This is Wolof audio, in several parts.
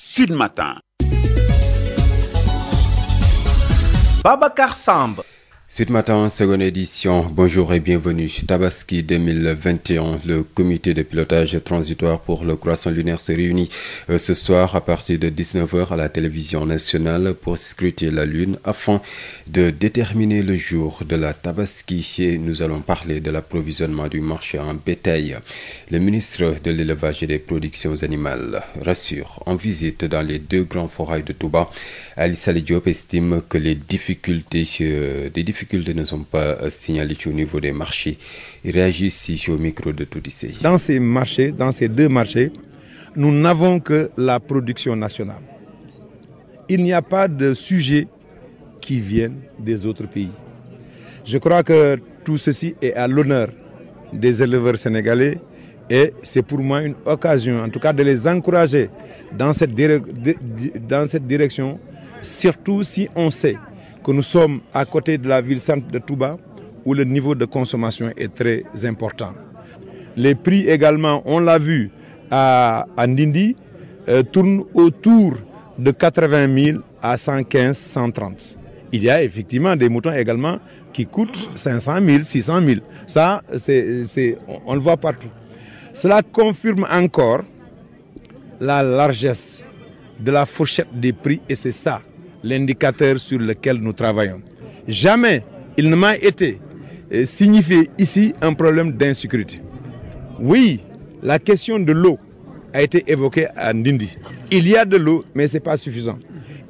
Sud Matin. Babacar Samb Sud Matin, seconde édition. Bonjour et bienvenue. Tabaski 2021, le comité de pilotage transitoire euh, de 19h à la télévision nationale la lune afin de déterminer de la Tabaski et nous allons parler de l'approvisionnement du marché en bétail. de l'élevage des productions animales rassure en visite difficultés ne sont pas euh, signalées au niveau des marchés. Ils réagissent ici au micro de tout ici. Dans ces marchés, dans ces deux marchés, nous n'avons que la production nationale. Il n'y a pas de sujet qui viennent des autres pays. Je crois que tout ceci est à l'honneur des éleveurs sénégalais et c'est pour moi une occasion, en tout cas, de les encourager dans cette, dans cette direction, surtout si on sait que nous sommes côté de la ville sainte de Touba où le niveau de consommation est très important. Les prix également, on l'a vu à, à Ndindi, euh, tournent autour de 80 000 à 115, 130. Il y a effectivement des moutons également qui coûtent 500 000, 600 000. Ça, c'est, on, on le voit partout. Cela confirme encore la largesse de la fourchette des prix et ça l'indicateur sur lequel nous travaillons. Jamais il ne m'a été euh, signifié ici un problème d'insécurité. Oui, la question de l'eau a été évoquée à Ndindi. Il y a de l'eau, mais ce n'est pas suffisant.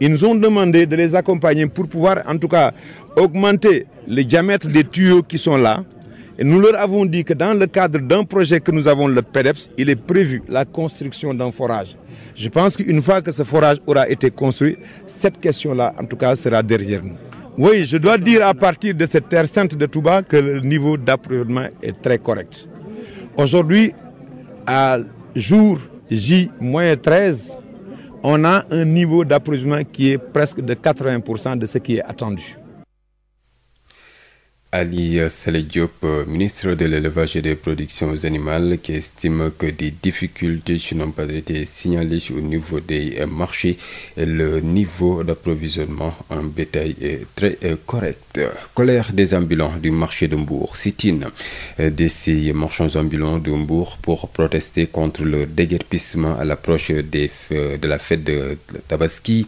Ils nous ont demandé de les accompagner pour pouvoir en tout cas augmenter le diamètre des tuyaux qui sont là, Et nous leur avons dit le cadre d'un projet que nous avons, le PEDEPS, il est prévu la construction forage. Je pense qu'une fois que ce forage aura été construit, cette question-là, en tout cas, sera derrière nous. Oui, je dois dire à partir de cette terre sainte de Touba que est très correct. Aujourd'hui, à jour J-13, on a un niveau d'approvisionnement qui est presque de 80% de ce qui est attendu. Ali euh, Saleh Diop, euh, ministre de l'élevage et des productions animales, qui estime que des difficultés n'ont pas été signalées au niveau des euh, marchés. Le niveau d'approvisionnement en bétail est très correct. Colère des ambulants du marché de Mbour, Sitine. Des six marchands ambulants de Mbour pour protester contre le déguerpissement à l'approche de la fête de Tabaski.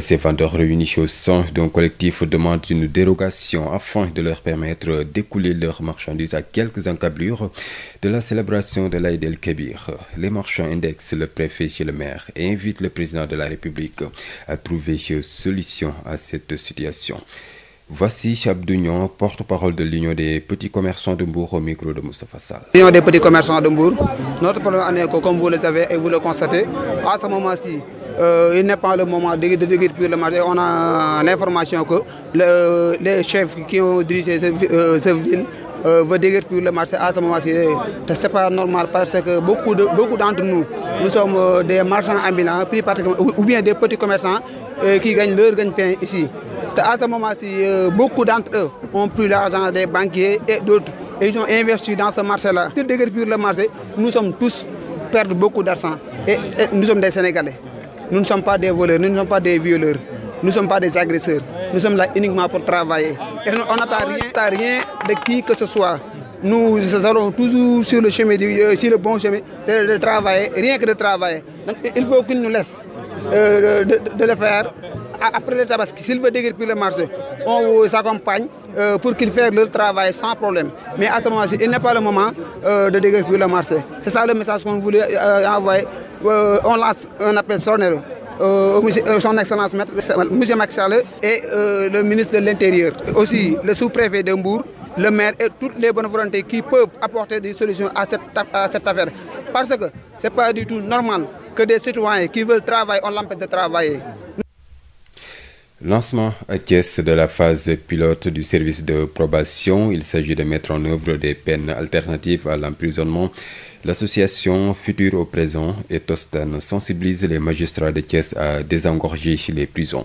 Ces vendeurs réunis au sein d'un collectif demandent une dérogation afin de leur permettre permettre d'écouler leurs marchandises à quelques encablures de la célébration de l'Aïd el-Kébir. Les marchands indexent le préfet chez le maire et invitent le président de la République à trouver solution à cette situation. Voici Abdou porte-parole de l'Union des petits commerçants de Mbour au micro de Moustapha Sall. L'Union des petits commerçants de Mbour, notre problème en est que, comme vous le savez et vous le constatez, à ce moment-ci Euh, il n'est pas le moment de, de, le marché. On a l'information que le, les chefs qui ont dirigé cette, euh, ville euh, veut le marché à ce moment-ci. Ce n'est normal parce que beaucoup d'entre de, beaucoup nous, nous sommes euh, des marchands ambulants, plus ou, ou bien des petits commerçants euh, qui gagnent leur gagne-pain ici. À ce moment-ci, beaucoup d'entre eux ont pris l'argent des banquiers et d'autres. Et ils ont dans ce marché-là. S'ils déguerpirent le marché, nous sommes tous perdus beaucoup d'argent. Et, et Nous ne sommes pas des voleurs, nous ne sommes pas des violeurs, nous ne sommes pas des agresseurs. Nous sommes là uniquement pour travailler. Et on n'attend rien, rien de qui que ce soit. Nous allons toujours sur le chemin, euh, sur le bon chemin, c'est de travailler, rien que de travailler. il faut qu'ils nous laissent euh, de, de le après le tabaski, s'ils veulent déguerpir le marché, on vous accompagne euh, pour qu'ils fassent leur travail sans problème. Mais à ce il n'est pas le moment euh, de déguerpir le marché. C'est ça le message euh, on lance un appel solennel euh, euh, son Excellence Maître M. Macky Sall et euh, le ministre de l'Intérieur. Aussi, le sous-préfet de Mbour, le maire et toutes les bonnes volontés qui peuvent apporter des solutions à cette, à cette affaire. Parce que ce n'est pas du tout normal que des citoyens qui veulent travailler, on l'empêche de travailler. Lancement à Thiès de la phase pilote du service de probation. Il s'agit de mettre en œuvre des peines alternatives à l'emprisonnement L'association Futur au présent et Tostan sensibilise les magistrats de Thiès à désengorger les prisons.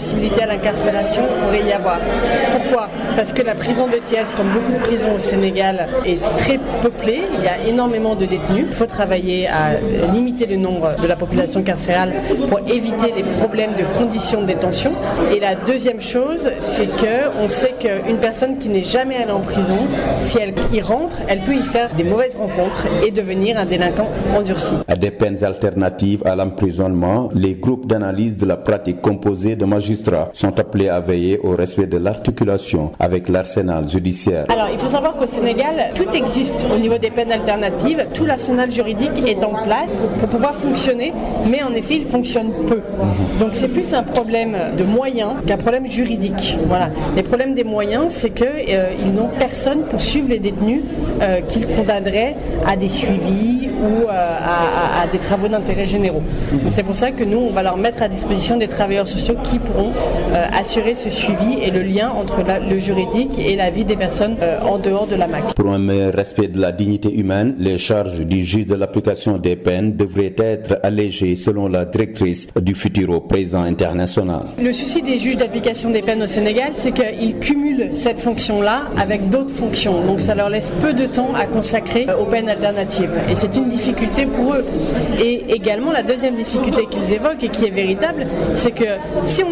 possibilité à l'incarcération pourrait y avoir. Pourquoi Parce que la prison de Thiès, comme beaucoup de prisons au Sénégal, est très peuplée. Il y a énormément de détenus. Il faut travailler à limiter le nombre de la population carcérale pour éviter les problèmes de conditions de détention. Et la deuxième chose, c'est qu'on sait qu'une personne qui n'est jamais allée en prison, si elle y rentre, elle peut y faire des mauvaises rencontres et devenir un magistrats sont appelés à veiller au respect de l'articulation avec l'arsenal judiciaire. Alors, il faut savoir qu'au Sénégal, tout existe au niveau des peines alternatives. Tout l'arsenal juridique est en place pour pouvoir fonctionner, mais en effet, il fonctionne peu. c'est plus un problème de moyens qu'un problème juridique. c'est qu'ils euh, n'ont personne pour suivre les détenus euh, qu'ils condamneraient à des suivis ou euh, à, des travaux d'intérêt généraux. C'est pour pourront euh, assurer ce suivi et le lien entre le juridique et la vie des personnes euh, en dehors de la MAC. Pour un meilleur de la dignité humaine, les charges du juge de l'application des peines devraient être allégées selon la directrice du futur au présent international. Le souci des juges d'application des peines au Sénégal, c'est qu'ils cumulent cette fonction avec d'autres fonctions. de euh, Et c'est une difficulté pour eux. Et également, la deuxième difficulté qu'ils évoquent et qui est véritable, c'est que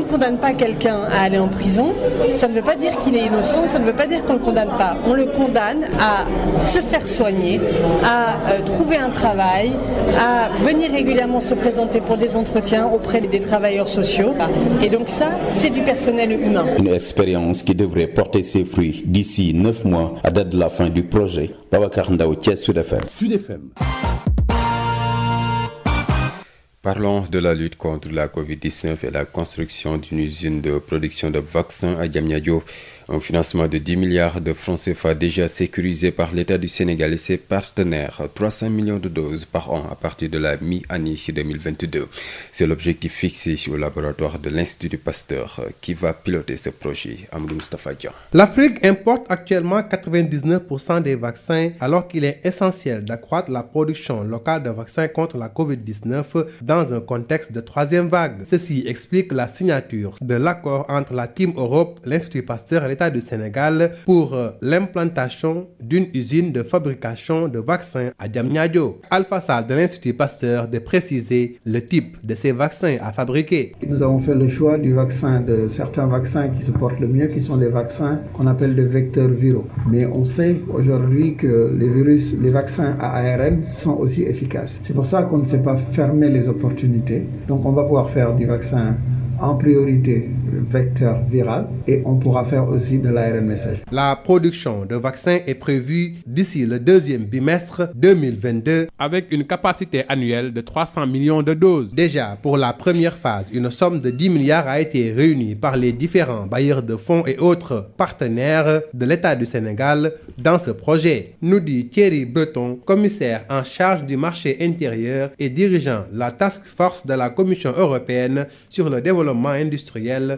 condamne pas quelqu'un à aller en prison, ça ne veut pas dire qu'il est innocent, ça ne veut pas dire qu'on ne le condamne pas. On le condamne à se faire soigner, à euh, trouver un travail, à venir régulièrement se présenter pour des entretiens auprès des travailleurs sociaux. Et donc ça, c'est du personnel humain. Une expérience qui devrait porter ses fruits d'ici 9 mois à date de la fin du projet. Babacar Ndao, Sud FM. Sud FM. Parlons de la lutte contre la COVID-19 et la construction d'une usine de production de vaccins à Diamniadio. Un financement de 10 milliards de francs CFA déjà sécurisé par l'État de la mi-année 2022. C'est l'objectif fixé sur le laboratoire de l'Institut Pasteur qui va piloter ce projet. Amadou Moustapha Dia. L'Afrique importe actuellement 99% des vaccins alors qu'il est essentiel d'accroître la production locale de vaccins la COVID-19 dans un contexte de troisième la signature de l'accord entre la Team Europe, l'État du Sénégal pour euh, l'implantation d'une usine de fabrication de vaccins à Diamniadio. Alpha Sall de l'Institut Pasteur de préciser le type de ces vaccins à fabriquer. Nous avons fait le choix du vaccin, de certains vaccins qui se portent le mieux, qui sont les vaccins qu'on appelle des vecteurs viraux. Mais on sait aujourd'hui que les virus, les vaccins à ARN sont aussi efficaces. C'est pour ça qu'on ne sait pas fermer les opportunités. Donc on va pouvoir en vecteur viral et on pourra faire aussi de l'ARN messager. La production de vaccins est prévue d'ici le deuxième bimestre 2022 avec une capacité annuelle de 300 millions de doses. Déjà, pour la première phase, une somme de 10 milliards a été réunie par les différents bailleurs de fonds et autres partenaires de l'État du Sénégal dans ce projet, nous dit Thierry Breton, commissaire en charge du marché intérieur et dirigeant la task force de la Commission européenne sur le développement industriel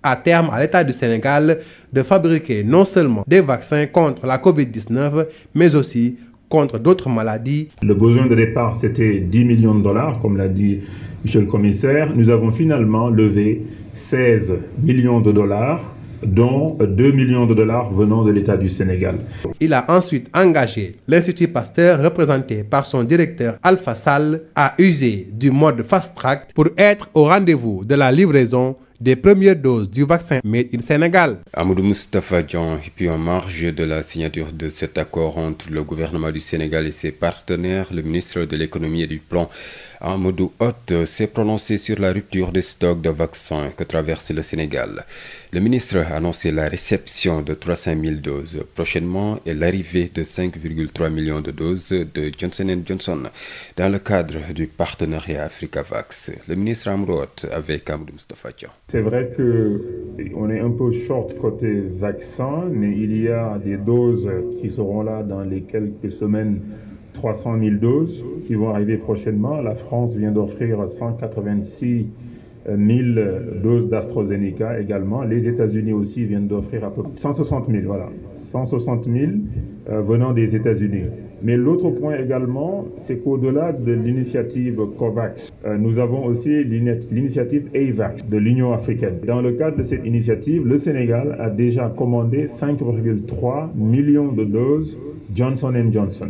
à terme à l'État du Sénégal de fabriquer non seulement des vaccins contre la COVID-19, mais aussi contre d'autres maladies. Le besoin de départ, c'était 10 millions de dollars, comme l'a dit Monsieur le Commissaire. Nous avons finalement levé millions de dollars de dollars venant de l'État du Sénégal. Il a ensuite engagé l'Institut Pasteur, représenté par son directeur Alpha Sall, à user du mode fast pour être au rendez-vous de la livraison des premières doses du vaccin Made in Sénégal. Amadou Moustapha Dian, puis en marge de la signature de cet accord entre le gouvernement du Sénégal et ses partenaires, le ministre de l'économie et du plan Amadou Hott s'est prononcé sur la rupture des stocks de vaccins que traverse le Sénégal. Le ministre a annoncé la réception de 300 000 doses prochainement et l'arrivée de 5,3 millions de doses de Johnson Johnson dans le cadre du partenariat AfricaVax. Le ministre Amadou Hott avec Amadou Moustapha Dia. C'est vrai qu'on est un peu short côté vaccin, mais il y a des doses qui seront là dans les quelques semaines 300 000 doses qui vont arriver prochainement. La France vient d'offrir 186 000 doses d'AstraZeneca également. Les États-Unis aussi viennent d'offrir à peu près 160 000, voilà, 160 000 euh, venant des États-Unis. Mais l'autre point également, c'est qu'au-delà de l'initiative COVAX, euh, nous avons aussi l'initiative AVAX de l'Union africaine. Dans le cadre de cette le Sénégal a déjà commandé 5,3 millions de doses Johnson Johnson.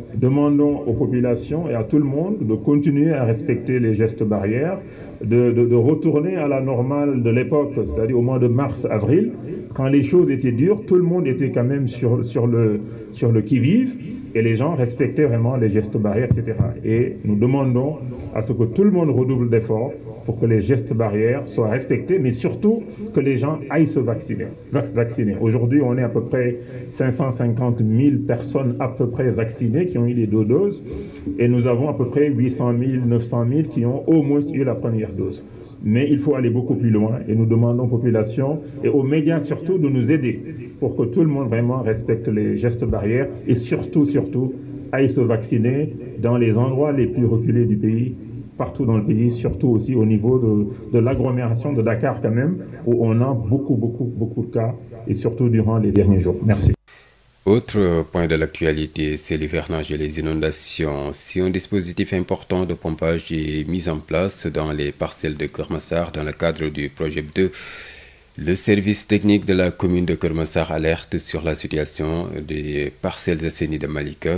demandons aux populations et à tout le monde de continuer à respecter les gestes barrières, de, de, de retourner à la normale de l'époque, c'est-à-dire au mois de mars, avril, quand les choses étaient dures, tout le monde était quand même sur, sur le, sur le qui-vive et les gens respectaient vraiment les gestes barrières, etc. Et nous demandons à ce que tout le monde redouble d'efforts pour que les gestes barrières soient respectés, mais surtout que les gens aillent se vacciner. vacciner. Aujourd'hui, on est à peu près 550 000 personnes à peu près vaccinées qui ont eu les deux doses, et nous avons à peu près 800 000, 900 000 qui ont au moins eu la première dose. Mais il faut aller beaucoup plus loin et nous demandons aux populations et aux médias surtout de nous aider pour que tout le monde vraiment respecte les gestes barrières et surtout, surtout, aille se vacciner dans les endroits les plus reculés du pays partout dans le pays, surtout aussi au niveau de, de l'agglomération de Dakar quand même, où on a beaucoup, beaucoup, de cas, et surtout durant les derniers jours. Autre point de l'actualité, c'est l'hivernage et les inondations. Si un dispositif important de pompage est mis en place dans les parcelles de Kermassar dans le cadre du projet 2, le service technique de la commune de Kermassar alerte sur la situation des parcelles assainies de Malika.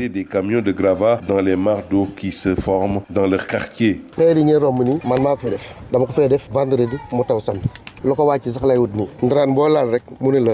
déverser des camions de gravats dans les mares d'eau qui se forment dans leur quartier. xeer yi ngeen romb nii man maa ko fay def dama ko fay def mu taw samedi lu ko wàcc sax lay wut nii. ndaraan boo laal rek mu ne la.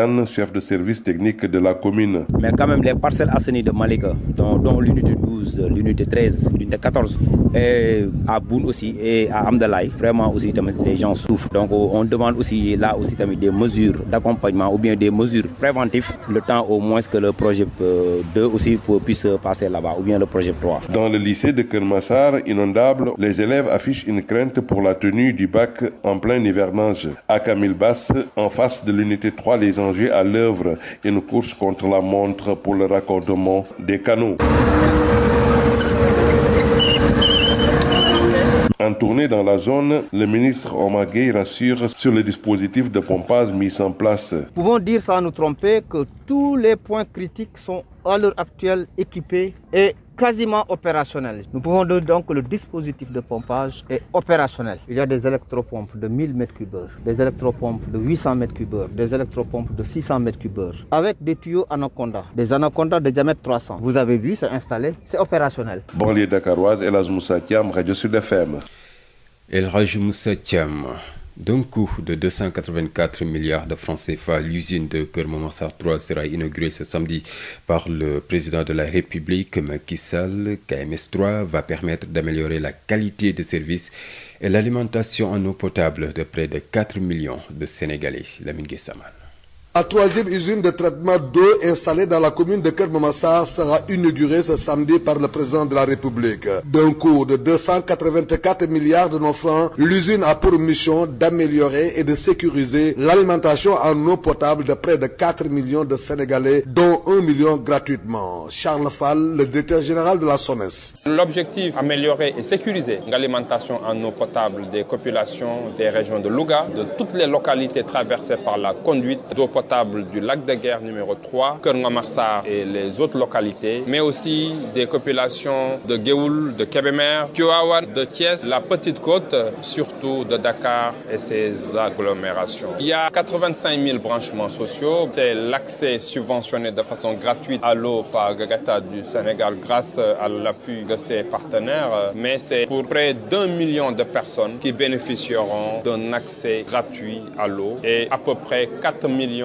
Kane, chef de service technique de la commune. Mais quand même, les parcelles assainies de Malika, dont, dont l'unité 12, l'unité 13, l'unité 14, et à Boun aussi et à Amdalaï, vraiment aussi, les gens souffrent. Donc, on demande là aussi des mesures d'accompagnement ou bien des mesures préventives, le temps au moins que le projet 2 euh, puisse passer là-bas ou bien le projet 3. Dans le lycée de Kermassar, inondable, les élèves affichent une crainte pour la tenue du bac en plein hivernage. À Camille Basse, en face étrangers à l'œuvre. Une course contre la montre pour le raccordement des canaux. En tournée dans la zone, le ministre Omar Gueye rassure sur le dispositif de pompage mis en place. Nous pouvons dire sans nous tromper que tous les points critiques sont à l'heure actuelle équipés et quasiment opérationnel. Nous pouvons dire donc que le dispositif de pompage est opérationnel. Il y a des électropompes de 1000 m3, des électropompes de 800 m3, des électropompes de 600 m3, avec des tuyaux anaconda, des anacondas de diamètre 300. Vous avez vu, c'est installé, c'est opérationnel. Banlieue dakaroise, El Hadj Moussa Thiam, Radio Sud FM. El Hadj Moussa Thiam. D'un coût de 284 milliards de francs CFA, l'usine de Keur Momar 3 sera inaugurée ce samedi par le président de la République, Macky Sall. KMS 3 va permettre d'améliorer la qualité de service et l'alimentation en eau potable de près de 4 millions de Sénégalais. Lamine Guessamal. La troisième usine de traitement d'eau installée dans la commune de Keur Mamassar sera inaugurée ce samedi président de la République. D'un coût de 284 milliards de nos francs, l'usine a pour mission d'améliorer sécuriser l'alimentation en eau potable de près de de Sénégalais, dont 1 million gratuitement. Charles Fall, le directeur général de la SONES. L'objectif, améliorer et sécuriser l'alimentation en eau des populations des régions de Louga, de toutes potable du lac de guerre numéro 3, Kerngamarsar et les autres localités, mais aussi des populations de Géoul, de Kébémer, Kioawan, la Petite Côte, surtout de Dakar et ses agglomérations. Il y a 85 000 branchements de façon gratuite à l'eau par Gagata du Sénégal grâce à l'appui de ses partenaires, mais million de personnes qui bénéficieront d'un accès gratuit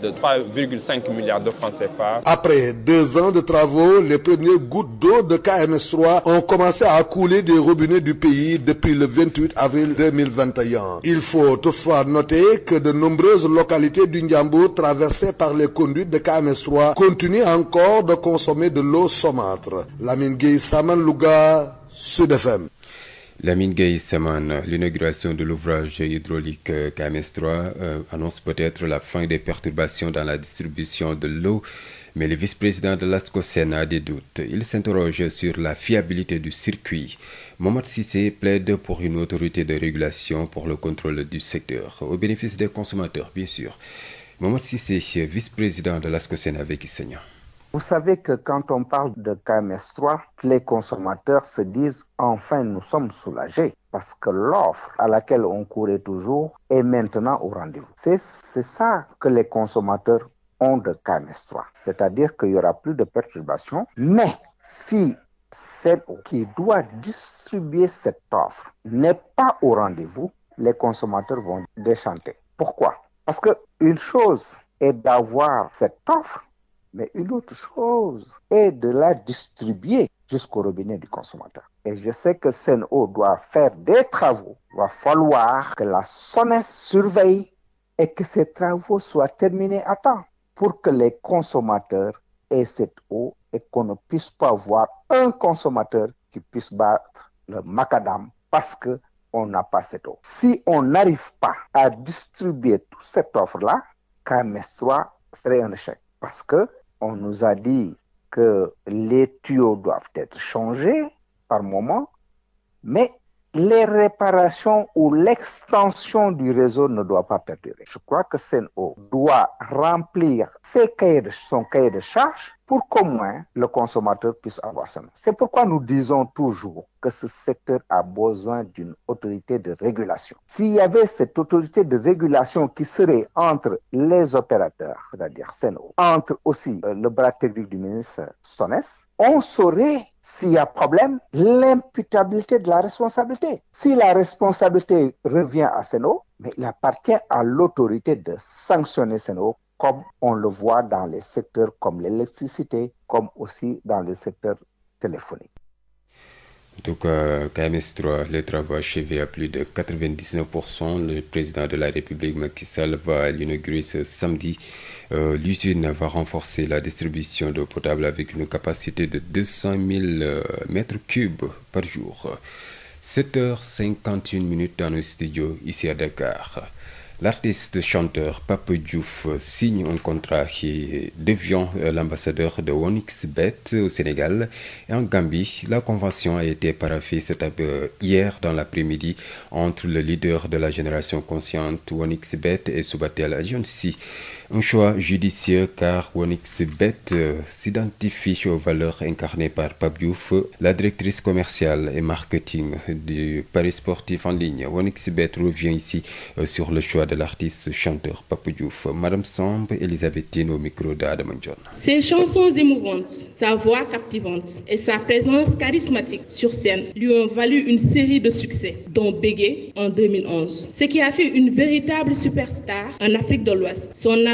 de 3,5 milliards de francs CFA. Après deux ans de travaux, les premières gouttes d'eau de KMS3 ont commencé à couler des robinets du pays depuis le 28 avril 2021. Il faut toutefois noter que de nombreuses localités du Ndiambour traversées par les conduites de KMS3 continuent encore de consommer de l'eau saumâtre. Lamine Gueye, Saman Louga, Sud FM. Lamine Gueye Saman, euh, l'inauguration de l'ouvrage hydraulique euh, KMS 3 euh, annonce peut-être la fin des perturbations dans la distribution de l'eau, mais le vice-président de l'ASCOSEN a des doutes. Il s'interroge sur la fiabilité du circuit. Momad Sissé plaide pour une autorité de régulation pour le contrôle du secteur, au bénéfice des consommateurs, bien sûr. Momad Sissé, vice-président de l'ASCOSEN avec Issegna. Vous savez que quand on parle de KMS3, les consommateurs se disent enfin nous sommes soulagés parce que l'offre à laquelle on courait toujours est maintenant au rendez-vous. C'est ça que les consommateurs ont de KMS3, c'est-à-dire qu'il y aura plus de perturbations, mais si celle qui doit distribuer cette offre n'est pas au rendez-vous, les consommateurs vont déchanter. Pourquoi Parce que chose est d'avoir cette offre Mais une autre chose est de la distribuer jusqu'au robinet du consommateur. Et je sais que Sen'Eau doit faire des travaux. que la SONES surveille et que ces travaux soient terminés à temps pour que les consommateurs aient cette eau et qu'on ne puisse pas avoir un consommateur qui puisse battre le macadam parce que on n'a pas cette eau. Si on n'arrive pas à distribuer toute cette offre-là, KMS3 serait un échec on nous a dit que les tuyaux doivent être changés par moment, mais les réparations ou l'extension du réseau ne doit pas perdurer. Je crois que CNO doit remplir ses cahiers de, son cahier de charge pour qu'au moins le consommateur puisse avoir ça. C'est pourquoi nous disons toujours que ce secteur a besoin d'une autorité de régulation. S'il y avait cette autorité de régulation qui serait entre les opérateurs, c'est-à-dire Seno, entre aussi euh, le bras technique du ministre SONES, on saurait, s'il y a problème, l'imputabilité de la responsabilité. Si la responsabilité revient à Seno, mais il appartient à l'autorité de sanctionner Seno comme on le voit dans les secteurs comme l'électricité, comme aussi dans les secteurs téléphoniques. Donc, KMS3, le travail achevé à plus de 99%. Le président de la République, Macky Sall, va l'inaugurer ce samedi. Euh, L'usine va renforcer la distribution d'eau potable avec une capacité de 200 000 euh, mètres cubes par jour. 7h51 minutes L'artiste chanteur Pape Diouf signe un contrat qui devient euh, l'ambassadeur de OneXBet au Sénégal et en Gambie. La convention a été paraphée cette euh, hier dans l'après-midi entre le leader de la génération consciente OneXBet et Subatel Agency. Un choix judicieux car OneXBet euh, s'identifie aux valeurs incarnées par Pape Diouf, la directrice commerciale et marketing du Paris sportif en ligne. OneXBet revient ici euh, sur le choix de l'artiste chanteur Pape Diouf. Madame Samb, Elisabethine au micro d'Adam John. Ses chansons émouvantes, sa voix captivante et sa présence charismatique sur scène lui ont valu une série de succès, dont Bégué en ce qui a fait une véritable superstar en Afrique de l'Ouest.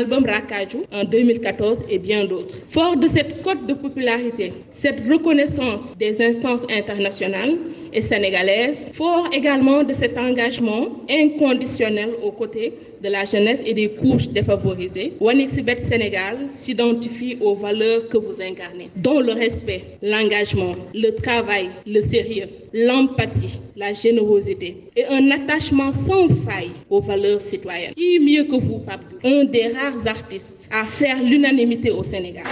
l'album Rakaju en 2014 et bien d'autres. Fort de cette cote de popularité, cette reconnaissance des instances internationales, et sénégalaise, fort également de cet engagement inconditionnel aux côtés de la jeunesse et des couches défavorisées, Wanixibet Sénégal s'identifie aux valeurs que vous incarnez, dont le respect, l'engagement, le travail, le sérieux, l'empathie, la générosité et un attachement sans faille aux valeurs citoyennes. Qui mieux que vous, Pabdou, un des rares artistes à faire l'unanimité au Sénégal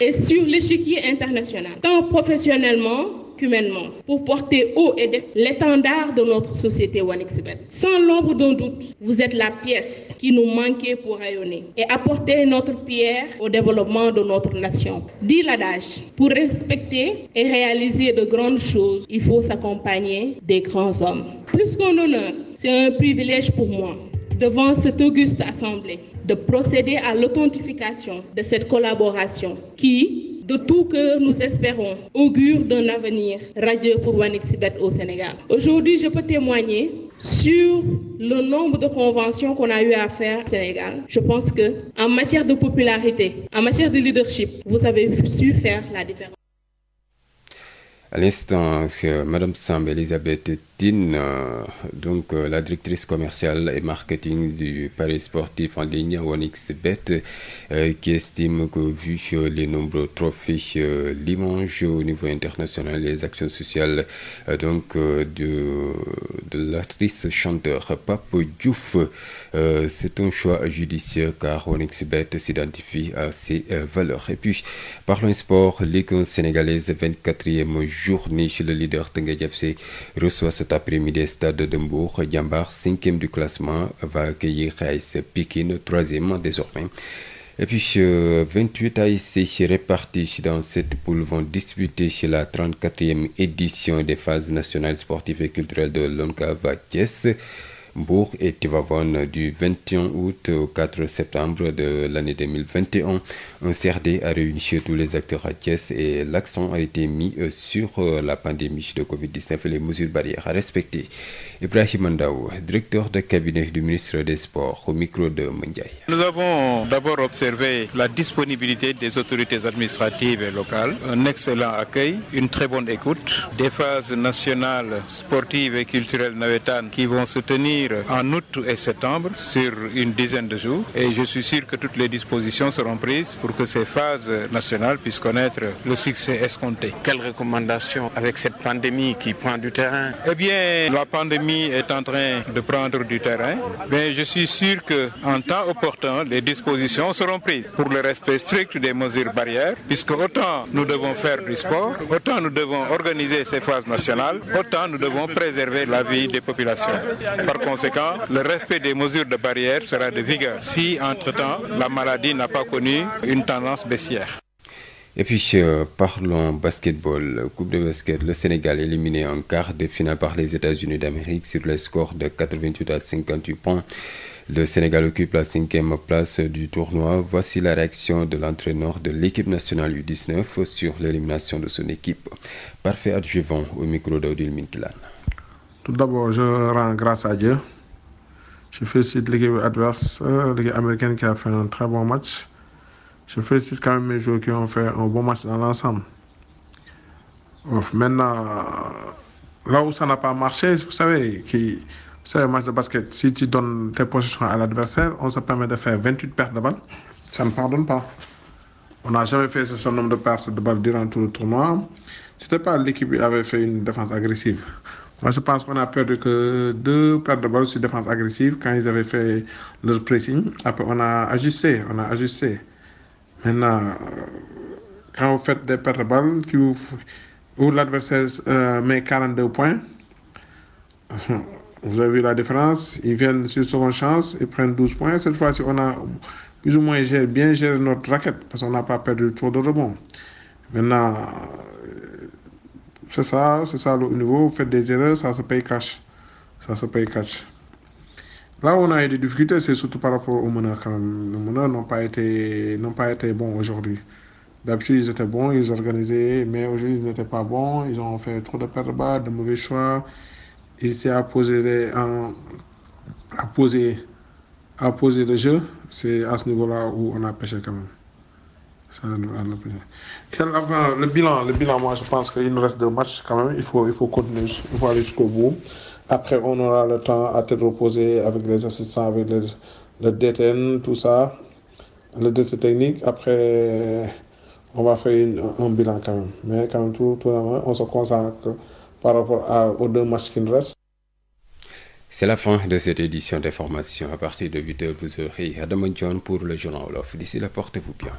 et sur l'échiquier international, tant professionnellement humainement pour porter haut et l'étendard de notre société Wanixibel. Sans l'ombre d'un doute, vous êtes la pièce qui nous manquait pour rayonner et apporter notre pierre au développement de notre nation. Dit l'adage, pour respecter et réaliser de grandes choses, il faut s'accompagner des grands hommes. Plus qu'un honneur, c'est un privilège pour moi devant cette auguste assemblée de procéder à l'authentification de cette collaboration qui, de tout que nous espérons, augure d'un avenir radieux pour Wanixibet au Sénégal. Aujourd'hui, je peux témoigner sur le nombre de conventions qu'on a eu à faire au Je pense que en matière de popularité, en matière de leadership, vous avez su faire la différence. À l'instant, euh, Madame Sam Elisabeth Euh, donc euh, la directrice commerciale et marketing du Paris sportif en ligne OneXBet, euh, qui estime que vu euh, les nombreux trophées euh, dimanche au niveau international, les actions sociales donc de, de l'actrice chanteur Pape Diouf, c'est un choix judicieux car OneXBet s'identifie à ses valeurs. Et puis, parlons sport, Ligue sénégalaise, 24e journée, le leader Tengue FC reçoit Cet après-midi, Stade de Mbourg, Diambar, cinquième du classement, va accueillir AS Pikine, troisième désormais. Et puis, euh, 28 AIC répartis dans cette poule vont disputer chez la 34e édition des phases nationales sportives et culturelles de l'ONCAV à Thiès. Bourg et Tivavone du 21 août au 4 septembre de l'année Un CRD a réuni tous les acteurs à Thiès et l'accent a été mis euh, sur euh, la pandémie de Covid-19 et les mesures barrières à respecter. Ibrahim Ndaou, directeur de cabinet du ministre des Sports, au micro de Mundiaï. Nous avons d'abord observé la disponibilité des autorités administratives et locales, un excellent accueil, une très bonne écoute, des phases nationales, sportives et culturelles navétanes qui vont venir en août et septembre sur une dizaine de jours et je suis sûr que toutes les dispositions seront prises pour que ces phases nationales puissent connaître le succès escompté. Quelles recommandations avec cette pandémie qui prend du terrain Eh bien, la pandémie est en train de terrain, mais je suis sûr que en temps opportun, les dispositions seront prises pour le respect strict des mesures barrières, puisque autant nous devons faire du sport, autant nous devons organiser ces phases la vie des populations. Par conséquent, le respect des mesures de barrière sera de vigueur si, entre-temps, la une tendance baissière. Et puis euh, parlons basketball. Coupe de basket, le Sénégal éliminé en quart de finale par les États-Unis d'Amérique le score de 88 à 58 points. Le Sénégal occupe la cinquième place du tournoi. Voici la réaction de l'entraîneur nationale U19 de son équipe. Parfait adjuvant au micro d'Odile Tout d'abord, je rends grâce à Dieu. Je félicite l'équipe adverse, euh, l'équipe américaine qui a fait un très bon match. Je félicite quand même mes joueurs qui ont fait un bon match dans l'ensemble. là où ça n'a pas marché, vous savez, qui, c'est un match de basket. Si tu donnes tes possessions à l'adversaire, on se de faire 28 pertes de balles. Ça ne pardonne pas. On n'a jamais fait ce nombre de pertes de balles durant tout le tournoi. C'était pas l'équipe Moi, je pense qu'on a perdu que deux pertes de balles sur défense agressive quand ils avaient fait leur pressing. on a ajusté, on a ajusté. Maintenant, euh, de balles, qui vous, où l'adversaire euh, met 42 points, vous avez vu la différence. Ils viennent sur seconde chance, ils prennent 12 points. Cette fois-ci, on a plus ou moins bien notre raquette parce qu'on n'a pas perdu trop de rebonds. C'est ça, c'est ça le niveau. Vous faites des erreurs, ça se paye cash. Ça se paye cash. Là où on a eu des difficultés, c'est surtout par rapport aux meneurs quand même. Les meneurs n'ont pas été, n'ont pas été bons aujourd'hui. D'habitude, ils étaient bons, ils organisaient, mais aujourd'hui, ils n'étaient pas bons. Ils ont fait trop de pertes bas, de mauvais choix. Ils étaient à poser, en, à poser, à poser le jeu. C'est à ce niveau-là où on a pêché quand même. Quel, enfin, le bilan, le bilan, moi je pense qu'il nous reste deux matchs quand même. Il faut, il faut continuer, il faut aller jusqu'au bout. Après, on aura le temps à tête reposée avec les assistants, avec le, le DTN, tout ça, le DT technique. Après, on va faire une, un bilan quand même. Mais quand même, tout, tout on se concentre par rapport à, aux deux matchs qui nous restent. C'est la fin de cette édition d'information. À partir de 8h, vous aurez Adam John pour le journal Wolof. D'ici là, portez-vous bien.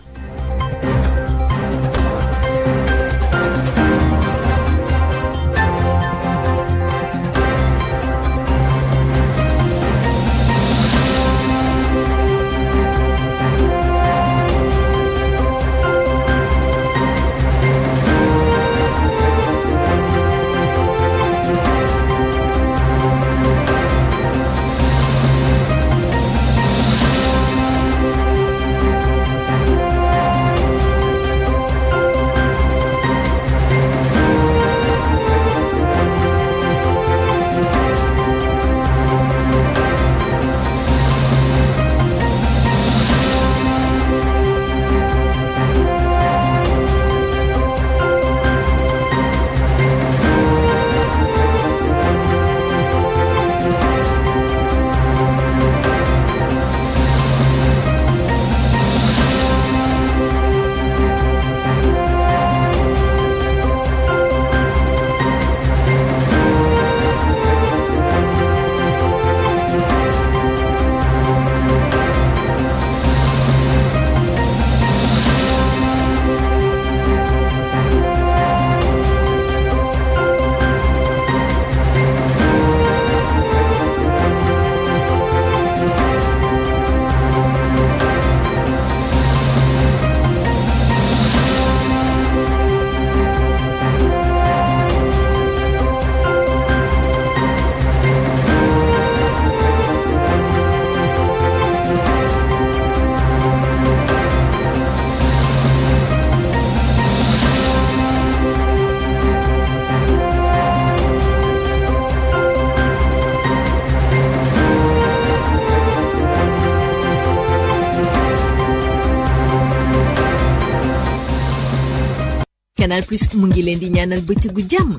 Canal Plus mu ngi leen di ñaanal bëccëgu jàmm.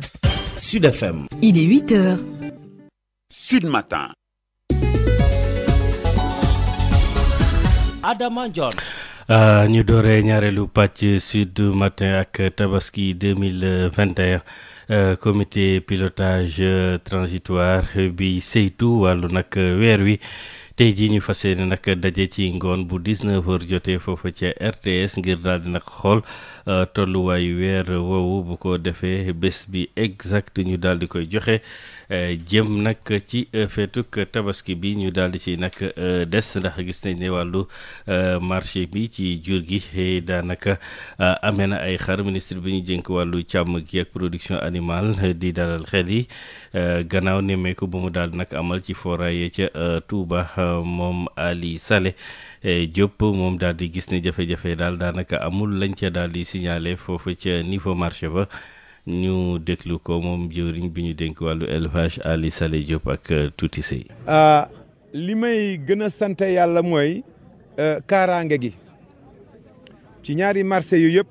Sud FM. il euh, ñu doore ñaareelu pàcc Sud Matin ak tabaski 2021 euh, comité pilotage transitoire bi seytu wàllu nag weer wi. tey jii ñu fas yéene nag daje ci ngoon bu 19 heures jotee foofu ca RTS ngir daal di nag xool Euh, tolluwaayu weer woowu bu ko defee bés bi exact ñu daal di koy joxe euh, jëm nag ci euh, feetuk tabaski bi ñu daal di ci nag des ndax gis nañ ne wàllu marché bi ci jur gi daanaka amee na ay xar ministre bi ñu jënk wàllu càmm gi ak production animale di dalal xel yi gannaaw nemmeeku bu mu daal nag amal ci foraaye ca Touba moom Ali Sale Eh, Diop moom daal di gis ne jafe-jafe daal daanaka amul lañ ca daal di signaler foofu ca niveau marché ba ñu déglu ko moom jëwriñ bi ñu dénk wàllu élevage Ali Salé Diop ak euh, tuuti sëy ah, li may gën a sant yàlla mooy euh, kaaraange gi ci ñaari marché yu yëpp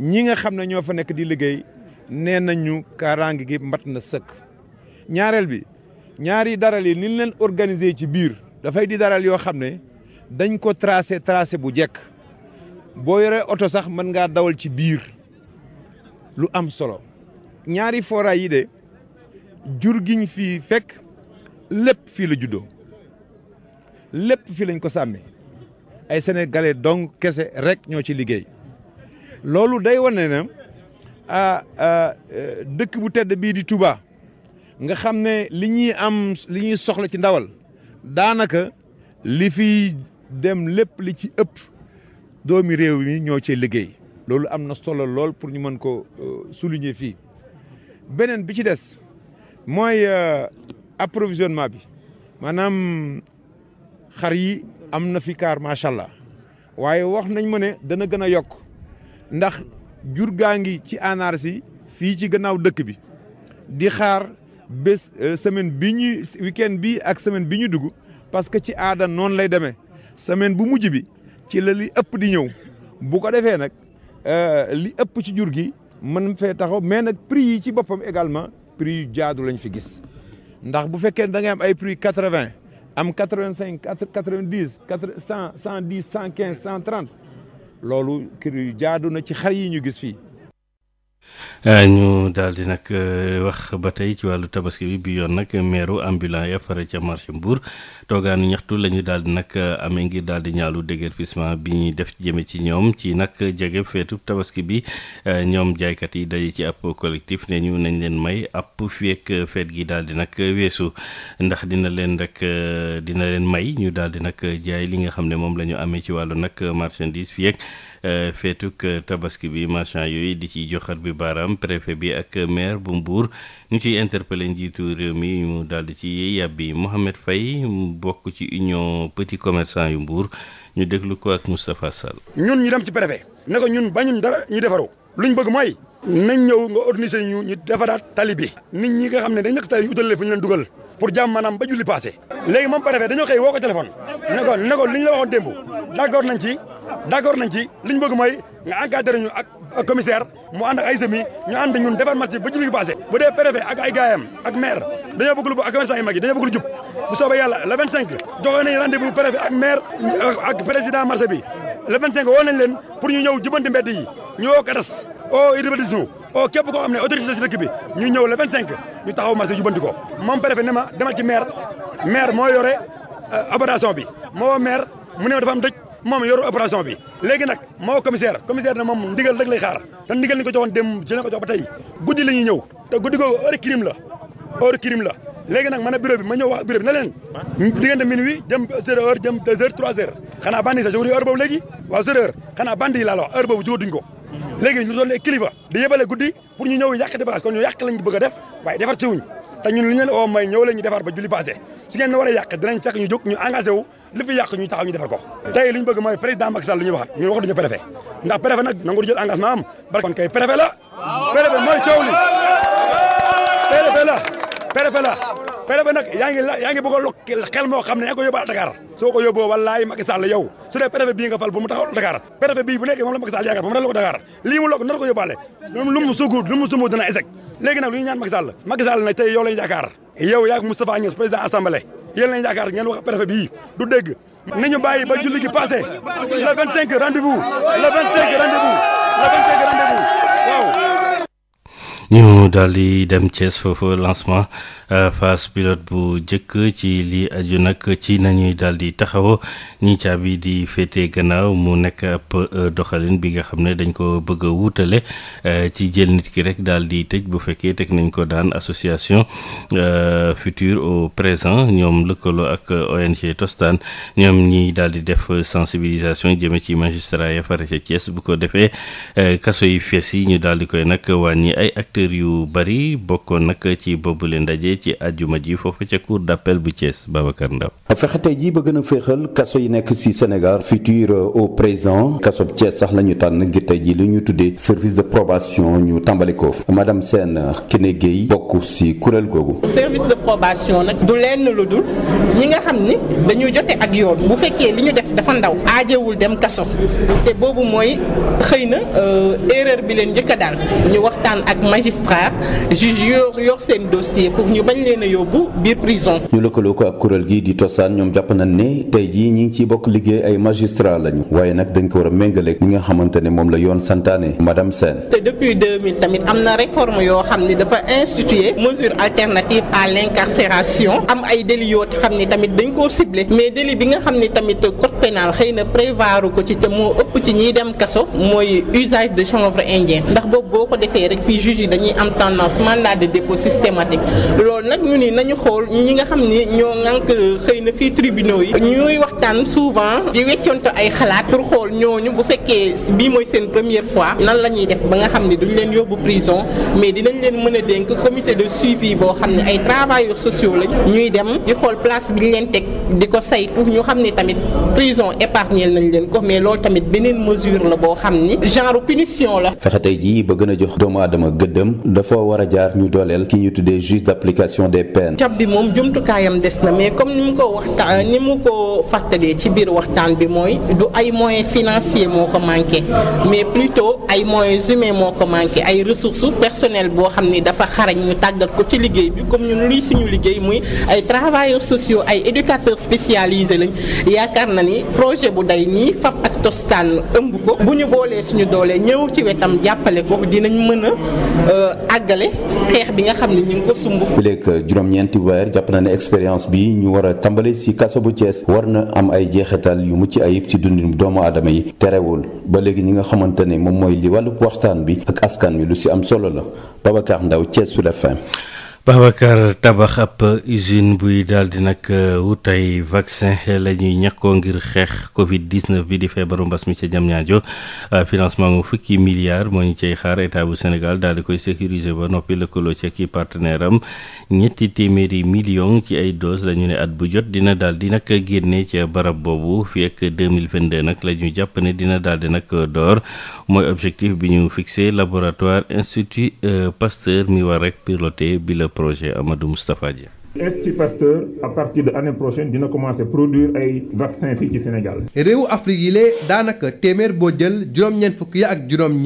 ñi nga xam ne ñoo fa nekk di liggéey nee nañu kaaraange gi mat na sëkk ñaareel bi ñaari daral yi ni leen organiser ci biir dafay di daral yoo xam ne dañ ko tracé tracé bu jekk boo yoree oto sax mën ngaa dawal ci biir lu am solo ñaari fora yi de jur giñ fii fekk lépp fii la juddoo lépp fi lañ ko sàmmee ay sénégalais donc kese rekk ñoo ci liggéey loolu day wane na ah, ah eh, dëkk bu tedd bii di Touba nga xam ne li ñuy am li ñuy soxla ci ndawal daanaka li fi dem lépp li ci ëpp doomi réew mi ñoo cee liggéey loolu am na solo lool pour ñu mën ko euh, souligner fii beneen bi ci des mooy euh, approvisionnement bi maanaam xar yi am na fi kaar macha allah waaye wax nañ ma ne dana gën a yokk ndax jur gaa ngi ci anaar si fii ci gannaaw dëkk bi di xaar bés euh, semaine bi ñu weekend bi ak semaine bi ñu dugg parce que ci aada noonu lay demee semaine bu mujj bi ci la li ëpp di ñëw bu ko defee nag euh, li ëpp ci jur gi mën fee taxaw mais nag prix yi ci boppam également prix yu jaadu lañ fi gis ndax bu fekkee da ngay am ay prix quatre vingt am quatre vingt cinq quatre vingt dix quatre cent cent dix cent quinze cent trente loolu kër yu jaadu na ci xar yi ñu gis fii. Euh, ñu daal di nag euh, wax ba tey ci wàllu tabaski bi bi yoon nag meeru ambulant ya ca marché Mbour toogaanu ñaxtu lañu ñu daal di nag euh, amee ngir daal di ñaalu déguerpissement bi ñuy def jëme ci ñoom ci nag jege feetu tabaski bi ñoom jaaykat yi daje ci ab collectif ne ñu nañ leen may ab fekk feet gi daal di nag weesu ndax dina leen rek dina leen may ñu daal di nag jaay li nga xam ne moom la ñu amee ci wàllu nag marchandise fii Euh, feetuk tabaski bi marchand yooyu di ci joxat bi baaraam préfet bi ak maire bu mbuur ñu ciy interpellé njiitu réew mi ñu daal di ci yàbbi Mohamed Faye bokk ci union petit commerçant yu Mbour ñu déglu ko ak Moustapha Sall. ñun ñu dem ci préfet ne ñun bañun dara ñu defaru lu luñ bëgg mooy. nañ ñëw nga organiser ñu ñu defaraat tali bi nit ñi nga xam ne dañ nekk tali ñu utalee fu ñu leen dugal pour jàmmanam maanaam ba julli passé léegi moom préfet dañoo xëy woo ko téléphone ne d'accord nañ ci li ñu bëgg mooy nga encadré ñu ak commissaire mu ànd ak ay semi ñu ànd ñun defar match ba julli gi passé bu dee préfet ak ay gaayam ak maire dañoo bëgg lu ak commerçant yu mag yi dañoo bëgg lu jub bu soobee yàlla le 25 joxe nañ rendez-vous préfet ak maire euh, ak président marché bi le 25 woo nañ leen pour ñu ñëw jubanti mbedd yi ñu woo kadas oo urbanisme oo képp koo xam ne autorité ci dëkk ñu ñëw le 25 ñu taxaw marché jubanti ko moom préfet ne ma demal moo yore euh, opération bi moo maire mu ne ma dafa am moom yor opération bi léegi nag moo commissaire commissaire ne moom ndigal rek lay xaar te ndigal ni ko joxoon dem ci ko jox ba tey guddi la ñuy ñëw te guddi googu heure crime la heure crime la léegi nag man a bureau bi ma ñëw wax bureau bi na leen diggante minuit jëm zéro heure jëm deux heures trois heures xanaa bandi sax jóguñu heure boobu léegi waaw zéro heure xanaa bandi yi laa la wax heure ko léegi ñu doon kilifa di yebale guddi pour ñu ñëw yàq dépasse kon ñu yàq lañ bëgg a def waaye defar ci te ñun li ñu leen oo may ñëw leen ñu defar ba julli passé su ngeen war a yàq dinañ fekk ñu jóg ñu engagé wu fi yàq ñu taxaw defar ko tey li ñu bëgg mooy président Macky Sall lu ñuy waxat ñun waxatuñu préfet ndax préfet nag nangu jël engagement am ba kon kay préfet la préfet mooy coow li préfet la préfet la pere ba nag yaa ngi yaa ngi bëgg a lokk xel moo xam ne yaa ngi ko yóbbu Dakar soo ko yóbboo wallaay Macky Sall yow su dee préfet bii nga fal bu mu taxawal Dakar préfet bii bu nekk moom la Macky Sall yaakaar mu Dakar lii mu lokk nar ko yóbbaale lu mu sugul lu mu sumul dina échec léegi nag lu ñu ñaan Macky Sall Macky Sall nag tey yow lañu yaakaar yow yaak Moustapha Niass président assemblée yéen lañu bii du dégg nañu bàyyi ba julli gi passé le 25 ñu daal di dem cees foofu lancement euh, phase pilote bu njëkk ci li aju nag ci nañuy daal di taxaw ñi caabi di féete gannaaw mu nekk ab euh, doxalin bi nga xam ne dañ ko bëgg a wuutale euh, ci jël nit ki rek daal di tëj bu fekkee teg nañ ko daan association futur au présent ñoom lëkkaloo ak ONG Tostan ñoom ñi daal di def sensibilisation jëme ci magistrat ya fare ca bu ko defee kaso fees yi ñu daal koy nag wàññi ay ak acteurs yu bëri bokkoon nag ci boobule ndaje ci ajuma ji foofu ca cour d'appel bu Thiès Babacar Ndaw fexe tey jii ba gën a féexal kaso yi nekk ci Sénégal futur au présent kaso bu Thiès sax la ñu tànn ngir tey jii li ñu tuddee service de probation ñu tàmbali ko madame seen Kine Gueye bokk ci kuréel googu. service de probation nag du lenn lu dul ñi nga xam ni dañu jote ak yoon bu fekkee li ñu def dafa ndaw aajewul dem kaso te boobu mooy xëy na euh, erreur bi leen njëkk magistrat juge yor yor seen dossier pour di tosaan ñoom jàpp nañ ne tey jii ñi ngi ciy bokk liggéey ay magistrat lañu waaye nag dañ a méngaleeg li ne moom la yoon santaane madame Sène. te depuis 2000 tamit am na réforme yoo xam ne dafa instituer mesure alternative à l'incarcération am ay délits yoo xam ne tamit dañ koo sible mais délit bi nga xam ne tamit code pénal xëy na prévoiru ko ci te moo ëpp ci ñiy dem kaso mooy usage de chanvre indien ndax boobu boo ko defee rek fii juge dañuy am tendance mandat de dépôt systématique loolu nag ñu nii nañu xool ñi nga xam ni ñoo ŋànk xëy na fii tribunaux yi ñuy waxtaan souvent di weccanto ay xalaat pour xool ñooñu bu fekkee bii mooy seen première fois nan la ñuy def ba nga xam ni duñ leen yóbbu prison mais dinañ leen mën a dénk comité de suivi boo xam ne ay travailleurs sociaux lañ ñuy dem di xool place bi ñu leen teg di ko saytu ñu xam ni tamit prison épargnel nañ leen ko mais loolu tamit beneen mesure la boo xam ni genre punition la fexe tey jii ba gën a jox doomu aadama gëdd jëm dafa war a jaar ñu dooleel ki ñu tuddee juge d'application des peines. CAP bi moom jumtukaayam des na mais comme ni mu ko waxtaan euh, ni mu ko fàttalee ci biir waxtaan bi mooy du ay moyens financier moo ko manqué mais plutôt ay moyens humains moo ko manqué ay ressources personnelles boo xam ni dafa xarañ ñu tàggat ko ci liggéey bi comme ñu ñun luy suñu liggéey muy ay travailleurs sociaux ay éducateurs spécialisés lañ yaakaar na ni projet bu day nii FAP ak Tostan ëmb ko bu ñu boolee suñu doole ñëw ci wetam jàppale ko dinañ mën a Euh, àggale xeex bi nga xam ne ñu ngi ko sumb. bu léegi euh, juróom-ñeenti weer jàpp na ne expérience bi ñu war a tàmbali si kaso bu cees war na am ay jeexital yu mucc ayib ci dundin doomu aadama yi terewul ba léegi ñi nga xamante ne moom mooy li wàllu waxtaan bi ak askan wi lu si am solo la Babacar Ndaw Thiès Sud FM Babacar tabax ab usine buy daal di nag euh, wutay vaccin la ñuy ñàkkoo ngir xeex Covid 19 bi di feebaru mbas mi ca Diamniadio euh, financement mu fukki milliards moo ñu cay xaar état bu Sénégal daal di koy sécuriser ba noppi lëkkaloo ci kii partenaire am ñetti téeméeri millions ci ay doses la ñu ne at bu jot dina daal di nag génne ca barab boobu fii ak 2022 nag la ñu jàpp ne dina daal di nag door mooy objectif bi ñu fixé laboratoire institut euh, Pasteur mi war rek piloté bi projet Amadou Moustapha Dia. Institut à partir de année prochaine dina commencer produire ay vaccin ci Sénégal. réewu Afrique yi lee daanaka téeméer boo jël juróom fukk ak juróom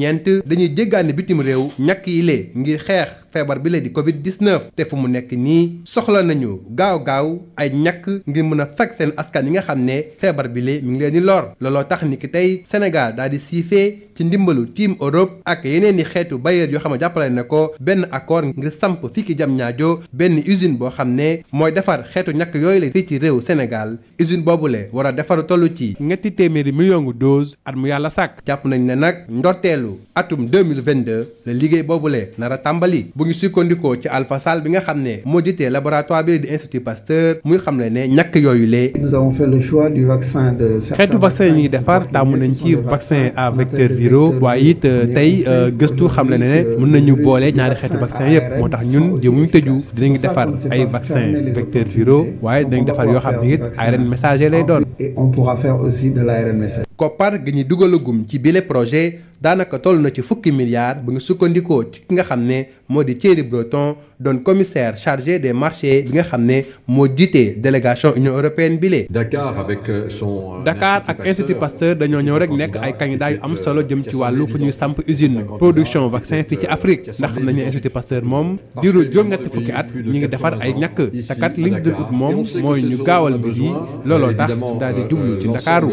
dañuy jéggaani bitim réew ñàkk yi lee ngir xeex. feebar bi la di Covid 19 te fu mu nekk nii soxla nañu gaaw gaaw ay ñàkk ngir mën a fekk seen askan yi nga xam ne feebar bi la mu ngi leen di lor looloo tax ni ki tey Sénégal daal di siifee ci ndimbalu Team Europe ak yeneen i xeetu bailleur yoo xam ne jàppale na ko benn accord ngir samp fii ki jam ñaajo benn usine boo xam ne mooy defar xeetu ñàkk yooyu la fii ci réew Sénégal usine boobule war a defar tollu ci ñetti téeméeri million dose at mu yàlla sàkk jàpp nañ ne nag njorteelu atum 2022 la liggéey boobule nar a tàmbali bu ñu sukkandikoo ci Alpha bi nga xam ne moo jiite laboratoire bi di institut Pasteur muy xam ne ne ñàkk yooyu lee. nous avons fait le choix du vaccin de. xeetu vaccin yi ñuy defar taamu nañ ci vaccin à vecteur viraux waaye it euh, tey euh, gëstu xam na ne euh, mën nañu boole ñaari xeetu vaccin yëpp moo tax ñun jëmuñu tëju dinañ defar ay vaccin vecteur viraux waaye dinañ defar yoo xam ne it ARN messager lay doon. et on pourra de l'ARN messager. koppar gi ñu dugalagum ci bile projet. daanaka toll na ci fukki milliards bu ñu sukkandikoo ci ki nga xam ne moo di Thierry Breton doon commissaire chargé des marchés bi nga xam ne moo jiite délégation Union européenne bile. Dakar avec euh, son. Euh, Dakar ak Institut Pasteur dañoo ñëw rek nekk ay candidat yu am solo jëm ci wàllu fu ñuy samp usine production vaccin fii ci Afrique ndax xam nañu Institut Pasteur moom diiru juróom-ñetti fukki at ñu ngi defar ay ñàkk te kat li ñu ut moom mooy ñu gaawal mbir yi looloo tax daal di jublu ci Ndakaaru.